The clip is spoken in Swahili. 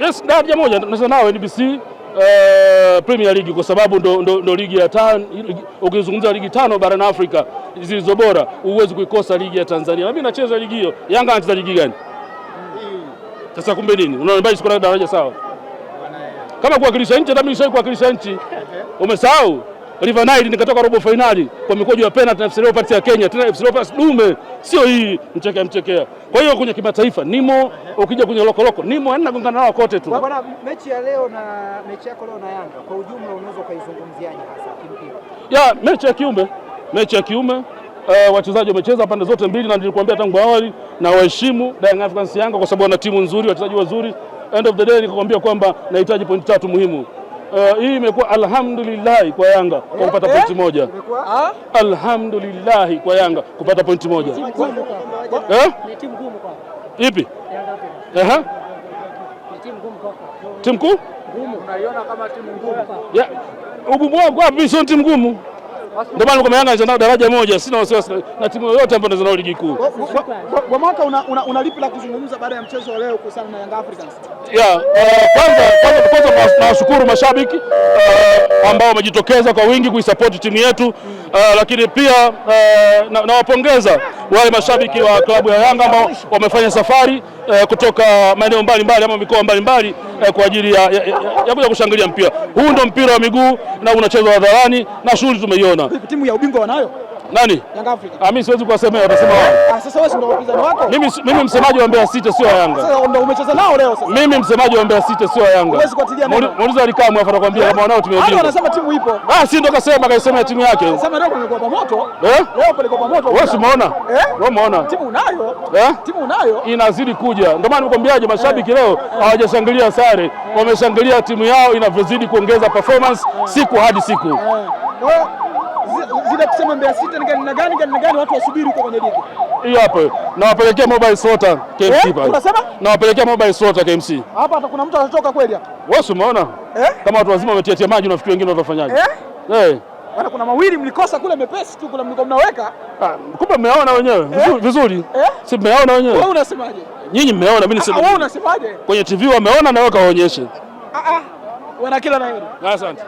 yes, daraja moja tunacheza nao NBC uh, eh, Premier League kwa sababu ndo, ndo, ndo ligi ya tano. Ukizungumza ligi tano barani Afrika zilizo bora huwezi kuikosa ligi ya Tanzania, na mimi nacheza ligi hiyo. Yanga anacheza ligi gani sasa? Kumbe nini siko na daraja sawa kama kuwakilisha nchi, hata mimi nishawahi kuwakilisha nchi, umesahau? River Nile nikatoka robo fainali kwa mikojo ya penalty na FC Leopards ya Kenya, tena FC Leopards dume, sio hii mchekea mchekea. Kwa hiyo kwenye kimataifa nimo, ukija kwenye lokoloko nimo, yani nagongana nao kote tu. Bwana, mechi ya leo na mechi yako leo na Yanga kwa ujumla unaweza kuizungumziaje hasa kimpira? Ya mechi ya kiume, mechi ya kiume uh, eh, wachezaji wamecheza pande zote mbili, na nilikwambia tangu awali na waheshimu Young Africans Yanga kwa sababu wana timu nzuri, wachezaji wazuri. End of the day nikakwambia kwamba nahitaji pointi tatu muhimu Uh, hii imekuwa alhamdulillah kwa Yanga kwa kupata eh? pointi moja. Ah? Alhamdulillah kwa Yanga kupata pointi moja. Eh? timu ngumu kwa. Ipi? Eh? timu ngumu kwa. Timu ngumu? Unaiona kama timu ngumu. Ya. Ugumu wapi? Sio timu ngumu. Ndio maana kwa Yanga anashinda daraja moja, sina wasiwasi na timu yoyote ambayo inacheza ligi kuu. Kwa mwaka una, una, una lipi la kuzungumza baada ya mchezo wa leo kuhusiana na Young Africans? Ya, eh, kwanza kwanza Nawashukuru mashabiki uh, ambao wamejitokeza kwa wingi kuisapoti timu yetu uh, lakini pia uh, nawapongeza na wale mashabiki wa klabu ya Yanga ambao wamefanya safari uh, kutoka maeneo mbalimbali ama mikoa mbalimbali uh, kwa ajili ya, ya, ya, ya, ya kushangilia mpira huu. Ndio mpira wa miguu na unachezwa hadharani na shughuli tumeiona. Timu ya ubingwa wanayo nani? Young Africa. Ah, mimi siwezi kuwasemea watasema wao. Ah, sasa wewe ndio wapinzani wako? Mimi mimi msemaji wa Mbeya City sio Yanga. Sasa ndio umecheza nao leo sasa. Mimi msemaji wa Mbeya City sio Yanga. Huwezi kuatilia neno. Muulize alikaa mwafa anakuambia eh? kama wanao tumeudia. Hao anasema timu ipo. Ah, si ndio kasema kaisema timu yake. Sema leo kulikuwa pamoto. Eh? Leo kulikuwa pamoto. Wewe umeona? Eh? Wewe umeona? Timu unayo? Eh? Timu unayo? Inazidi kuja. Ndio maana nikwambiaje mashabiki eh, leo eh. hawajashangilia sare. Wameshangilia timu yao inavyozidi kuongeza performance siku hadi siku. Eh zile kusema Mbeya City ni gani na gani gani na gani, watu wasubiri huko kwenye ligi hiyo hapo. Nawapelekea mobile sota KMC eh, pale, unasema nawapelekea mobile sota KMC hapa. kuna mtu atatoka kweli hapa, wewe umeona eh? Kama watu wazima wametiatia maji, unafikiri wengine watafanyaje eh? Hey. Eh. Bwana, kuna mawili mlikosa kule mepesi tu, kuna mlikuwa mnaweka. Ah, kumbe mmeona wenyewe eh? Vizuri eh? Si mmeona wenyewe. Wewe unasemaje? Nyinyi mmeona, mimi nisema. Ah, wewe unasemaje? Kwenye TV wameona na wewe kawaonyeshe. Ah ah. Wana kila la heri. Asante.